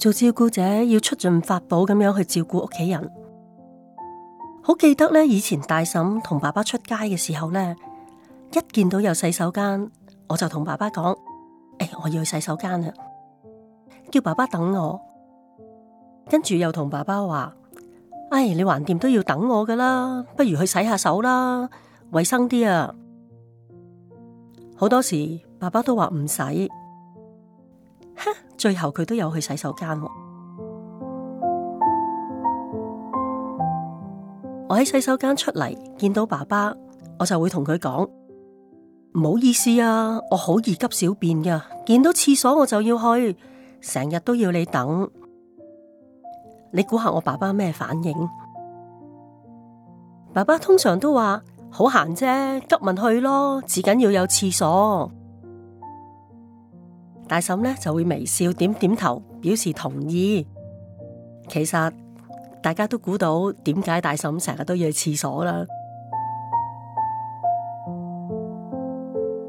做照顧者要出盡法寶咁樣去照顧屋企人，好記得咧。以前大沈同爸爸出街嘅時候咧，一見到有洗手間，我就同爸爸講：誒、哎，我要去洗手間啦，叫爸爸等我。跟住又同爸爸話：唉、哎，你橫掂都要等我㗎啦，不如去洗下手啦，衛生啲啊。好多時爸爸都話唔使。最後佢都有去洗手間，我喺洗手間出嚟，見到爸爸，我就會同佢講，唔好意思啊，我好易急小便嘅，見到廁所我就要去，成日都要你等。你估下我爸爸咩反應？爸爸通常都話好閒啫，急咪去咯，最緊要有廁所。大嬸呢就會微笑點點頭，表示同意。其實大家都估到點解大嬸成日都要去廁所啦。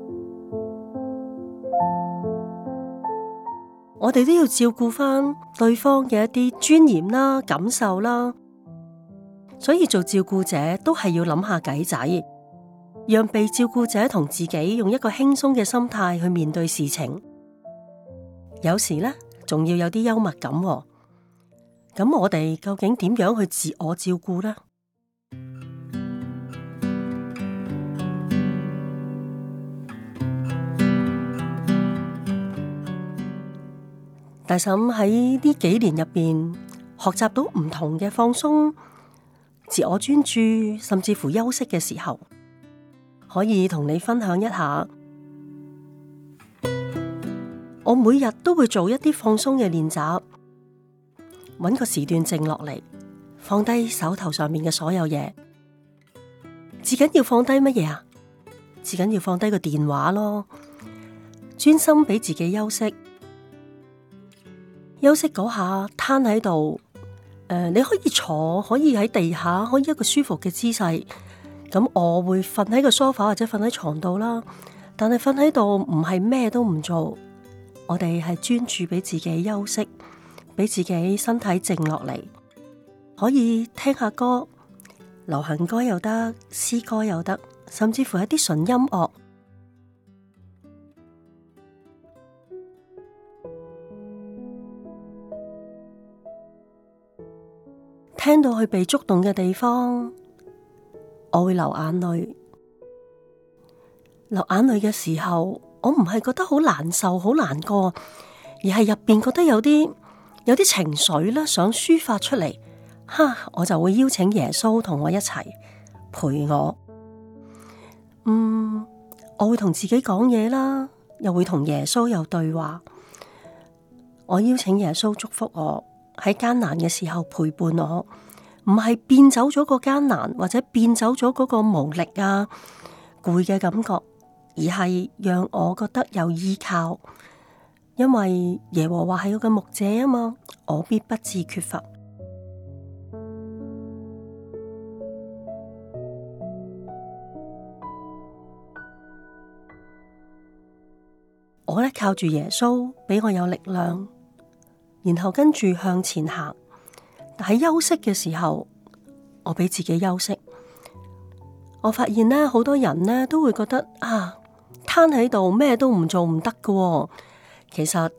我哋都要照顧翻對方嘅一啲尊嚴啦、感受啦。所以做照顧者都係要諗下計仔，讓被照顧者同自己用一個輕鬆嘅心態去面對事情。有時呢，仲要有啲幽默感喎。咁我哋究竟點樣去自我照顧呢？ 大沈喺呢幾年入邊學習到唔同嘅放鬆、自我專注，甚至乎休息嘅時候，可以同你分享一下。我每日都會做一啲放鬆嘅練習，揾個時段靜落嚟，放低手頭上面嘅所有嘢。至緊要放低乜嘢啊？至緊要放低個電話咯，專心俾自己休息。休息嗰下，攤喺度誒，你可以坐，可以喺地下，可以一個舒服嘅姿勢。咁我會瞓喺個梳化，或者瞓喺床度啦。但係瞓喺度唔係咩都唔做。我哋係專注俾自己休息，俾自己身體靜落嚟，可以聽下歌，流行歌又得，詩歌又得，甚至乎一啲純音樂，聽到去被觸動嘅地方，我會流眼淚，流眼淚嘅時候。我唔係覺得好難受、好難過，而係入邊覺得有啲有啲情緒啦，想抒發出嚟，哈，我就會邀請耶穌同我一齊陪我。嗯，我會同自己講嘢啦，又會同耶穌有對話。我邀請耶穌祝福我喺艱難嘅時候陪伴我，唔係變走咗個艱難，或者變走咗嗰個無力啊、攰嘅感覺。而係讓我覺得有依靠，因為耶和華係我嘅牧者啊嘛，我必不致缺乏。 我咧靠住耶穌，俾我有力量，然後跟住向前行。但喺休息嘅時候，我俾自己休息。我發現咧，好多人咧都會覺得啊。攤喺度咩都唔做唔得噶喎，其實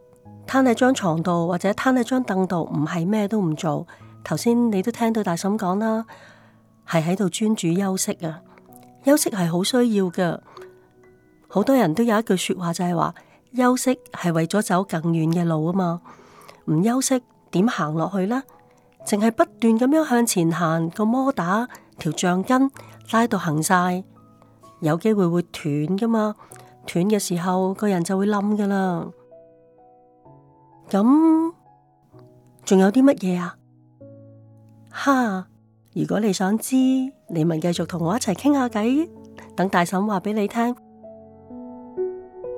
攤喺張床度或者攤喺張凳度，唔係咩都唔做。頭先你都聽到大沈講啦，係喺度專注休息啊，休息係好需要噶。好多人都有一句說話就係話，休息係為咗走更遠嘅路啊嘛，唔休息點行落去呢？淨係不斷咁樣向前行，個摩打條橡筋拉到行晒，有機會會斷噶嘛？斷嘅時候，個人就會冧噶啦。咁仲有啲乜嘢啊？哈！如果你想知，你咪繼續同我一齊傾下偈，等大沈話俾你聽。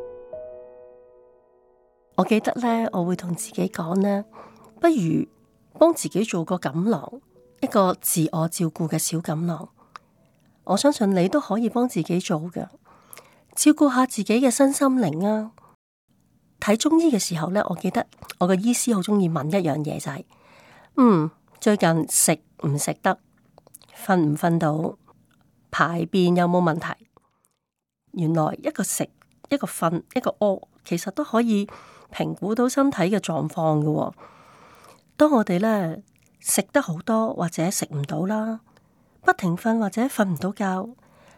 我記得咧，我會同自己講呢：「不如幫自己做個錦囊，一個自我照顧嘅小錦囊。我相信你都可以幫自己做嘅。」照顧下自己嘅身心靈啊！睇中醫嘅時候呢，我記得我嘅醫師好鍾意問一樣嘢就係，嗯，最近食唔食得，瞓唔瞓到，排便有冇問題？原來一個食、一個瞓、一個屙，其實都可以評估到身體嘅狀況嘅。當我哋呢，食得好多或者食唔到啦，不停瞓或者瞓唔到覺。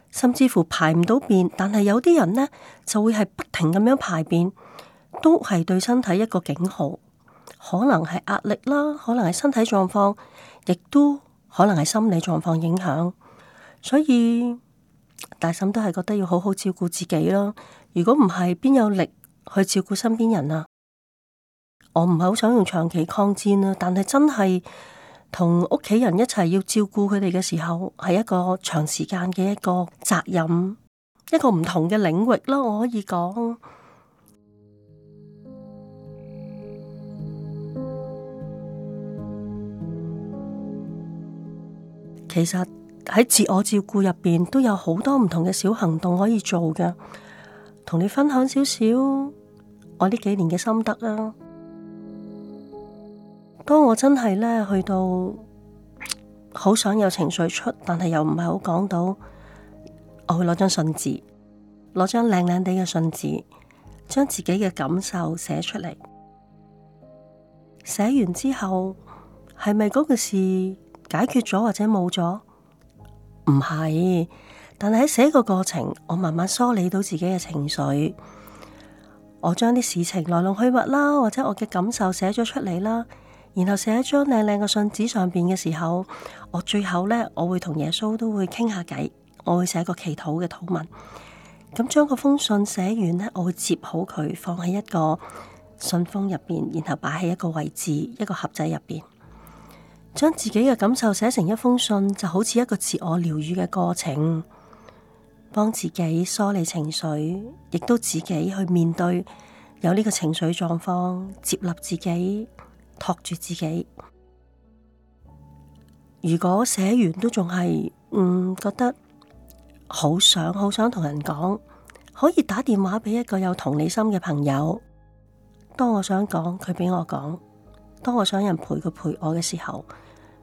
甚至乎排唔到便，但係有啲人呢就會係不停咁樣排便，都係對身體一個警號。可能係壓力啦，可能係身體狀況，亦都可能係心理狀況影響。所以大沈都係覺得要好好照顧自己咯。如果唔係，邊有力去照顧身邊人啊？我唔係好想用長期抗戰啦，但係真係。同屋企人一齊要照顧佢哋嘅時候，係一個長時間嘅一個責任，一個唔同嘅領域咯，我可以講。 其實喺自我照顧入邊都有好多唔同嘅小行動可以做嘅，同你分享少少我呢幾年嘅心得啦。當我真係咧去到好想有情緒出，但係又唔係好講到，我會攞張信紙，攞張靚靚地嘅信紙，將自己嘅感受寫出嚟。寫完之後，係咪嗰個事解決咗或者冇咗？唔係，但係喺寫個過程，我慢慢梳理到自己嘅情緒，我將啲事情來龍去脈啦，或者我嘅感受寫咗出嚟啦。然後寫一張靚靚嘅信紙上邊嘅時候，我最後呢，我會同耶穌都會傾下偈，我會寫一個祈禱嘅禱文。咁將個封信寫完呢，我會折好佢，放喺一個信封入邊，然後擺喺一個位置，一個盒仔入邊。將自己嘅感受寫成一封信，就好似一個自我療癒嘅過程，幫自己梳理情緒，亦都自己去面對有呢個情緒狀況，接納自己。托住自己。如果寫完都仲係，嗯，覺得好想好想同人講，可以打電話俾一個有同理心嘅朋友。當我想講，佢俾我講；當我想人陪佢陪我嘅時候，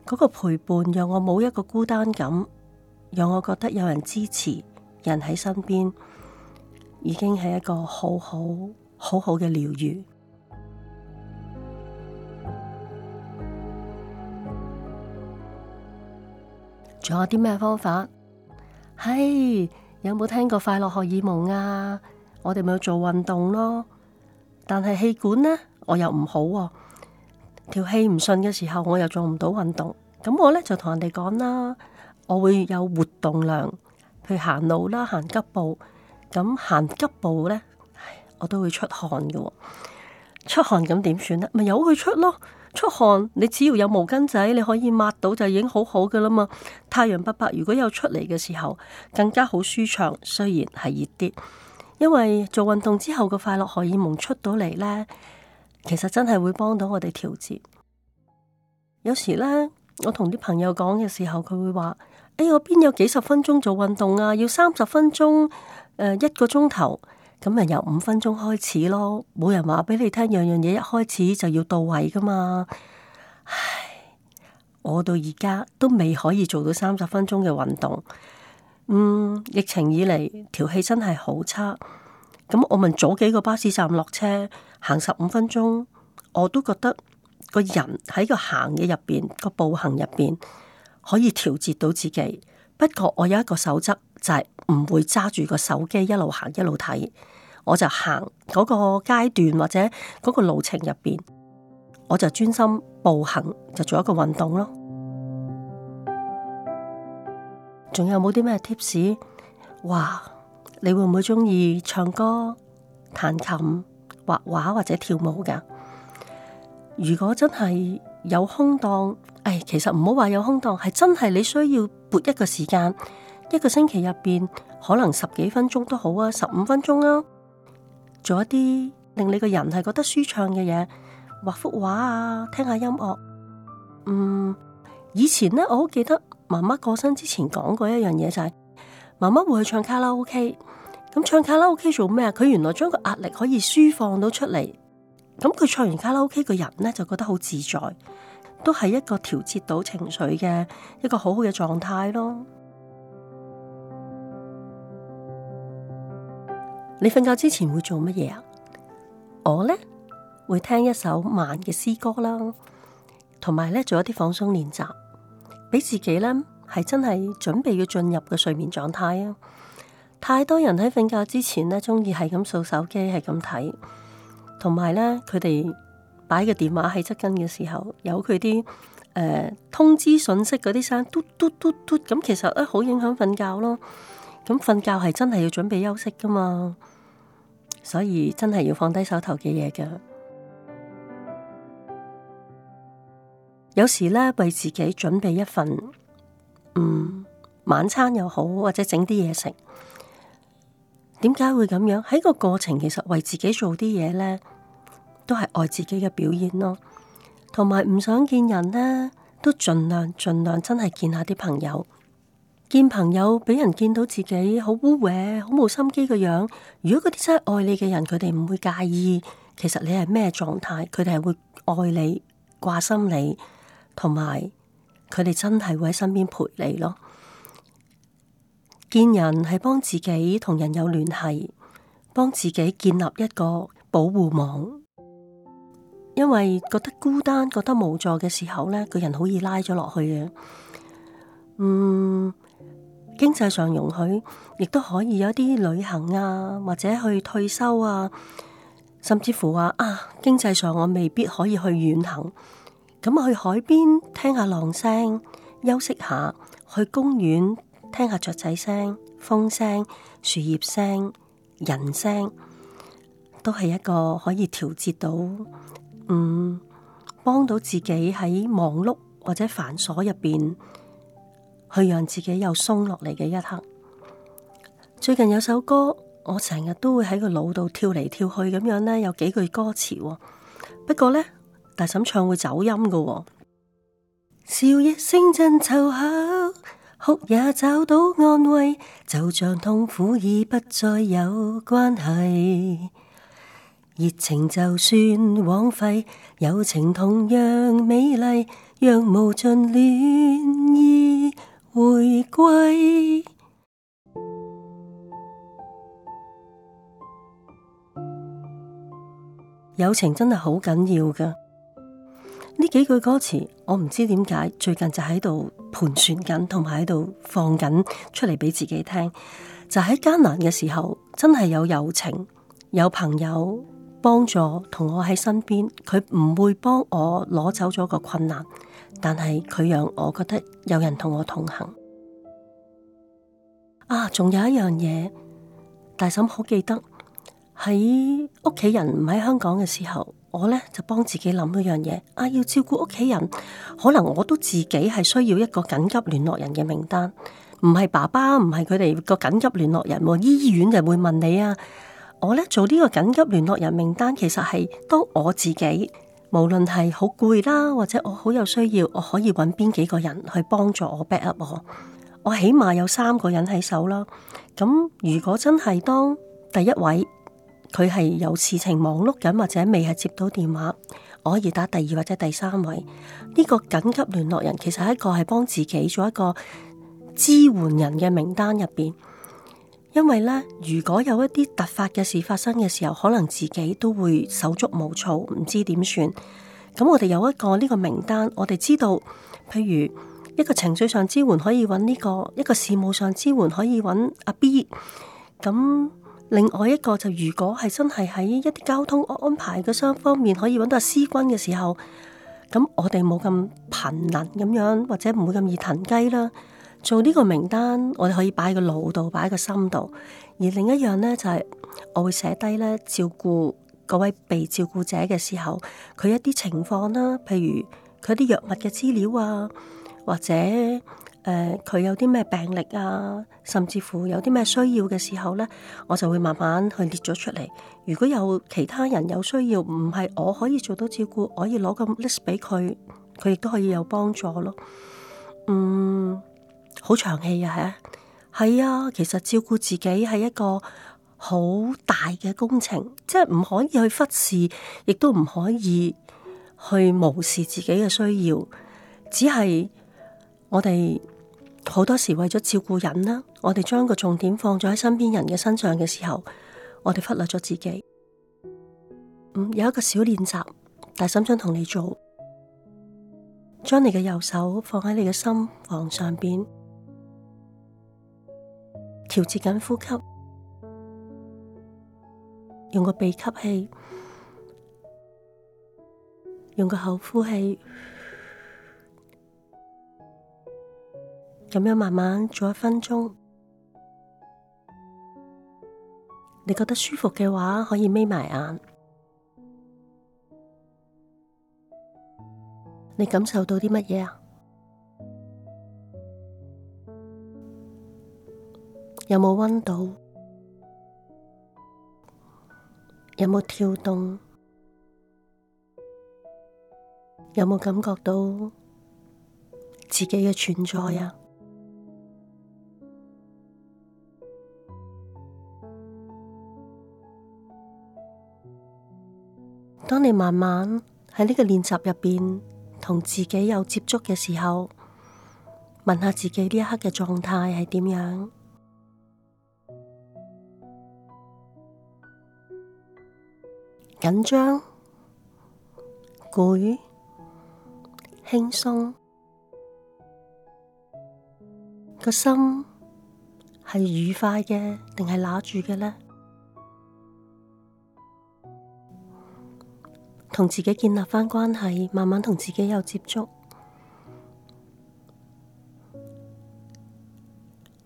嗰個陪伴讓我冇一個孤單感，讓我覺得有人支持，人喺身邊，已經係一個好好好好嘅療愈。仲有啲咩方法？係、hey, 有冇聽過快樂荷爾蒙啊？我哋咪做運動咯。但係氣管呢，我又唔好喎、哦。條氣唔順嘅時候，我又做唔到運動。咁我呢，就同人哋講啦，我會有活動量去行路啦，行急步。咁行急步呢，我都會出汗嘅。出汗咁點算咧？咪由佢出咯！出汗你只要有毛巾仔，你可以抹到就已經好好噶啦嘛。太陽伯伯如果有出嚟嘅時候，更加好舒暢。雖然係熱啲，因為做運動之後嘅快樂荷爾蒙出到嚟呢，其實真係會幫到我哋調節。有時呢，我同啲朋友講嘅時候，佢會話，哎、欸，我邊有幾十分鐘做運動啊？要三十分鐘，誒、呃，一個鐘頭。咁咪由五分鐘開始咯，冇人話俾你聽，樣樣嘢一開始就要到位噶嘛。唉，我到而家都未可以做到三十分鐘嘅運動。嗯，疫情以嚟條氣真係好差。咁我咪早幾個巴士站落車行十五分鐘，我都覺得個人喺個行嘅入邊個步行入邊可以調節到自己。不過我有一個守則就係唔會揸住個手機一路行一路睇。我就行嗰個階段或者嗰個路程入邊，我就專心步行，就做一個運動咯。仲有冇啲咩 tips？哇，你會唔會鍾意唱歌、彈琴、畫畫或者跳舞噶？如果真係有空檔，唉、哎，其實唔好話有空檔，係真係你需要撥一個時間，一個星期入邊可能十幾分鐘都好啊，十五分鐘啊。做一啲令你個人係覺得舒暢嘅嘢，畫幅畫啊，聽下音樂。嗯，以前咧，我好記得媽媽過身之前講過一樣嘢就係，媽媽會去唱卡拉 OK。咁唱卡拉 OK 做咩啊？佢原來將個壓力可以舒放到出嚟。咁佢唱完卡拉 OK，個人咧就覺得好自在，都係一個調節到情緒嘅一個好好嘅狀態咯。你瞓覺之前會做乜嘢啊？我呢，會聽一首慢嘅詩歌啦，同埋咧做一啲放鬆練習，俾自己呢，係真係準備要進入嘅睡眠狀態啊！太多人喺瞓覺之前呢，中意係咁掃手機，係咁睇，同埋呢，佢哋擺個電話喺側跟嘅時候，有佢啲誒通知信息嗰啲聲，嘟嘟嘟嘟，咁其實咧好影響瞓覺咯。咁瞓覺係真係要準備休息噶嘛，所以真係要放低手頭嘅嘢㗎。有時咧為自己準備一份，嗯，晚餐又好，或者整啲嘢食。點解會咁樣？喺個過程，其實為自己做啲嘢咧，都係愛自己嘅表現咯。同埋唔想見人呢，都盡量盡量真係見下啲朋友。見朋友俾人見到自己好污穢、好冇心機嘅樣，如果嗰啲真係愛你嘅人，佢哋唔會介意。其實你係咩狀態，佢哋係會愛你、掛心你，同埋佢哋真係會喺身邊陪你咯。見人係幫自己同人有聯繫，幫自己建立一個保護網。因為覺得孤單、覺得無助嘅時候，呢個人好易拉咗落去嘅。嗯。經濟上容許，亦都可以有一啲旅行啊，或者去退休啊，甚至乎話啊，經濟上我未必可以去遠行，咁、嗯、去海邊聽下浪聲，休息下，去公園聽下雀仔聲、風聲、樹葉聲、人聲，都係一個可以調節到，嗯，幫到自己喺忙碌或者繁瑣入邊。去讓自己又鬆落嚟嘅一刻。最近有首歌，我成日都會喺個腦度跳嚟跳去咁樣咧，有幾句歌詞喎。不過呢，大沈唱會走音噶。笑一聲真湊巧，哭也找不到安慰，就像痛苦已不再有關係。熱情就算枉費，友情同樣美麗，若無盡暖意。回歸，友情真係好緊要㗎。呢幾句歌詞，我唔知點解最近就喺度盤旋緊，同埋喺度放緊出嚟俾自己聽。就喺、是、艱難嘅時候，真係有友情，有朋友幫助同我喺身邊，佢唔會幫我攞走咗個困難。但係佢讓我覺得有人同我同行啊！仲有一樣嘢，大沈好記得喺屋企人唔喺香港嘅時候，我咧就幫自己諗一樣嘢啊！要照顧屋企人，可能我都自己係需要一個緊急聯絡人嘅名單，唔係爸爸，唔係佢哋個緊急聯絡人，醫院就會問你啊！我咧做呢個緊急聯絡人名單，其實係當我自己。無論係好攰啦，或者我好有需要，我可以揾邊幾個人去幫助我 back up 我，我起碼有三個人喺手啦。咁如果真係當第一位佢係有事情忙碌緊或者未係接到電話，我可以打第二或者第三位。呢個緊急聯絡人其實係一個係幫自己做一個支援人嘅名單入邊。因為咧，如果有一啲突發嘅事發生嘅時候，可能自己都會手足無措，唔知點算。咁我哋有一個呢、呢個名單，我哋知道，譬如一個情緒上支援可以揾呢、呢個，一個事務上支援可以揾阿 B。咁另外一個就如果係真係喺一啲交通安排嘅雙方面可以揾到阿思君嘅時候，咁我哋冇咁頻能咁樣，或者唔會咁易騰雞啦。做呢個名單，我哋可以擺喺個腦度，擺喺個心度。而另一樣呢，就係、是、我會寫低呢照顧嗰位被照顧者嘅時候，佢一啲情況啦，譬如佢啲藥物嘅資料啊，或者誒佢、呃、有啲咩病歷啊，甚至乎有啲咩需要嘅時候呢，我就會慢慢去列咗出嚟。如果有其他人有需要，唔係我可以做到照顧，我可以攞個 list 俾佢，佢亦都可以有幫助咯。嗯。好長氣啊，係啊，其實照顧自己係一個好大嘅工程，即係唔可以去忽視，亦都唔可以去無視自己嘅需要。只係我哋好多時為咗照顧人啦，我哋將個重點放咗喺身邊人嘅身上嘅時候，我哋忽略咗自己。嗯，有一個小練習，大沈想同你做，將你嘅右手放喺你嘅心房上邊。調節緊呼吸，用個鼻吸氣，用個口呼氣，咁樣慢慢做一分鐘。你覺得舒服嘅話，可以眯埋眼。你感受到啲乜嘢啊？有冇溫度？有冇跳動？有冇感覺到自己嘅存在啊？當你慢慢喺呢個練習入面同自己有接觸嘅時候，問下自己呢一刻嘅狀態係點樣？緊張、攰、輕鬆，個心係愉快嘅定係攋住嘅呢？同自己建立返關係，慢慢同自己有接觸，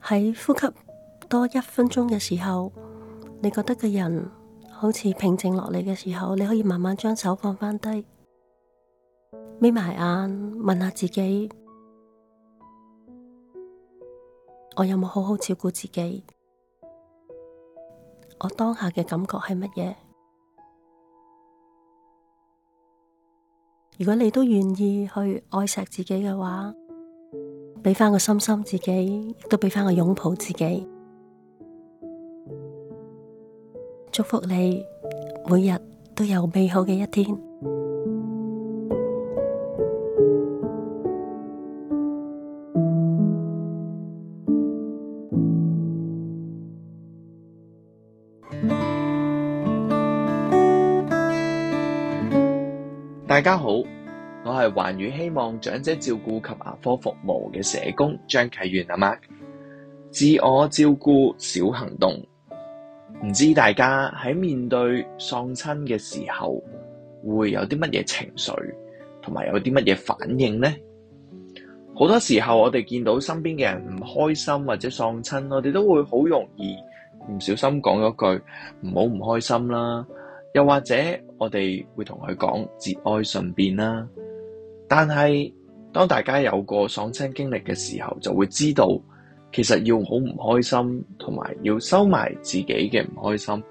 喺呼吸多一分鐘嘅時候，你覺得個人？好似平靜落嚟嘅時候，你可以慢慢將手放翻低，眯埋眼問下自己：我有冇好好照顧自己？我當下嘅感覺係乜嘢？如果你都願意去愛錫自己嘅話，畀翻個心心自己，亦都畀翻個擁抱自己。祝福你每日都有美好嘅一天。大家好，我係寰宇希望長者照顧及牙科服務嘅社工張啟遠。啊！Mark，自我照顧小行動。唔知大家喺面對喪親嘅時候會有啲乜嘢情緒，同埋有啲乜嘢反應呢？好多時候我哋見到身邊嘅人唔開心或者喪親，我哋都會好容易唔小心講一句唔好唔開心啦，又或者我哋會同佢講節哀順變啦。但係當大家有過喪親經歷嘅時候，就會知道。其實要好唔開心，同埋要收埋自己嘅唔開心，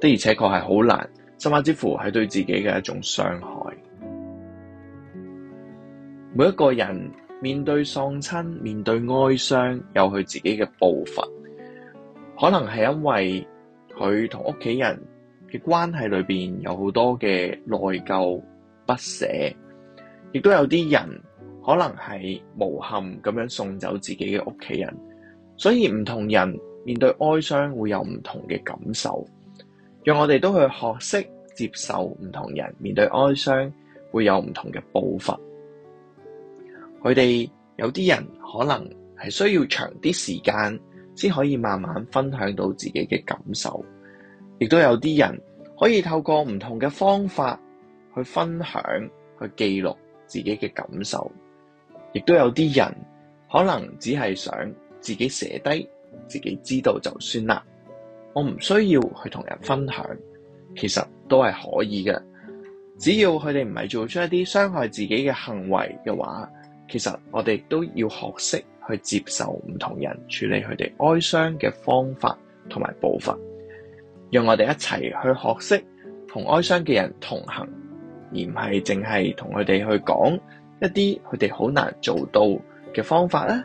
的而且確係好難，甚至乎係對自己嘅一種傷害。每一個人面對喪親、面對哀傷，有佢自己嘅步伐。可能係因為佢同屋企人嘅關係裏面有好多嘅內疚、不捨，亦都有啲人可能係無憾咁樣送走自己嘅屋企人。所以唔同人面對哀傷會有唔同嘅感受，讓我哋都去學識接受唔同人面對哀傷會有唔同嘅步伐。佢哋有啲人可能係需要長啲時間先可以慢慢分享到自己嘅感受，亦都有啲人可以透過唔同嘅方法去分享、去記錄自己嘅感受，亦都有啲人可能只係想自己寫低，自己知道就算啦。我唔需要去同人分享，其實都係可以嘅。只要佢哋唔係做出一啲傷害自己嘅行為嘅話，其實我哋都要學識去接受唔同人處理佢哋哀傷嘅方法同埋步伐。讓我哋一齊去學識同哀傷嘅人同行，而唔係淨係同佢哋去講一啲佢哋好難做到嘅方法呢。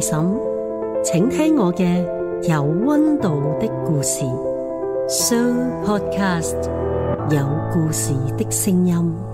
大沈，請聽我嘅有溫度的故事，Sooo Podcast 有故事的聲音。